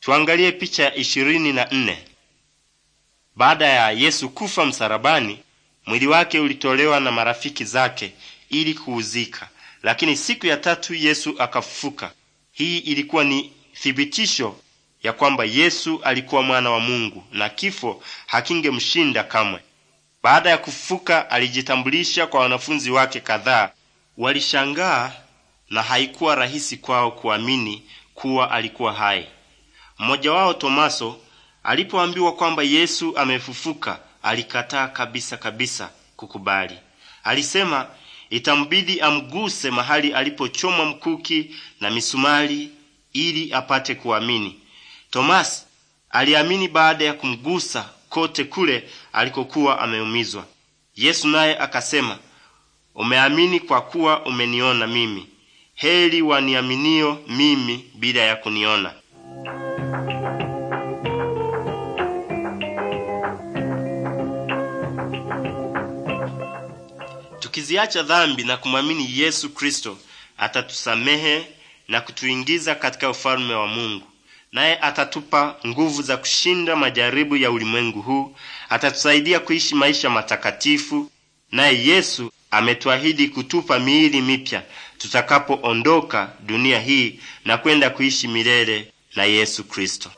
Tuangalie picha ya ishirini na nne. Baada ya Yesu kufa msalabani, mwili wake ulitolewa na marafiki zake ili kuuzika, lakini siku ya tatu Yesu akafufuka. Hii ilikuwa ni thibitisho ya kwamba Yesu alikuwa mwana wa Mungu na kifo hakingemshinda kamwe. Baada ya kufufuka, alijitambulisha kwa wanafunzi wake kadhaa. Walishangaa na haikuwa rahisi kwao kuamini kuwa alikuwa hai. Mmoja wao Tomaso alipoambiwa kwamba Yesu amefufuka, alikataa kabisa kabisa kukubali. Alisema itambidi amguse mahali alipochomwa mkuki na misumari ili apate kuamini. Tomasi aliamini baada ya kumgusa kote kule alikokuwa ameumizwa. Yesu naye akasema, umeamini kwa kuwa umeniona mimi. Heri waniaminio mimi bila ya kuniona. Tukiziacha dhambi na kumwamini Yesu Kristo atatusamehe na kutuingiza katika ufalme wa Mungu. Naye atatupa nguvu za kushinda majaribu ya ulimwengu huu, atatusaidia kuishi maisha matakatifu. Naye Yesu ametuahidi kutupa miili mipya tutakapoondoka dunia hii na kwenda kuishi milele la Yesu Kristo.